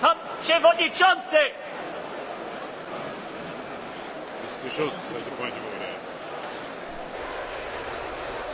Pan przewodniczący! Jest dużo, co pani mówi.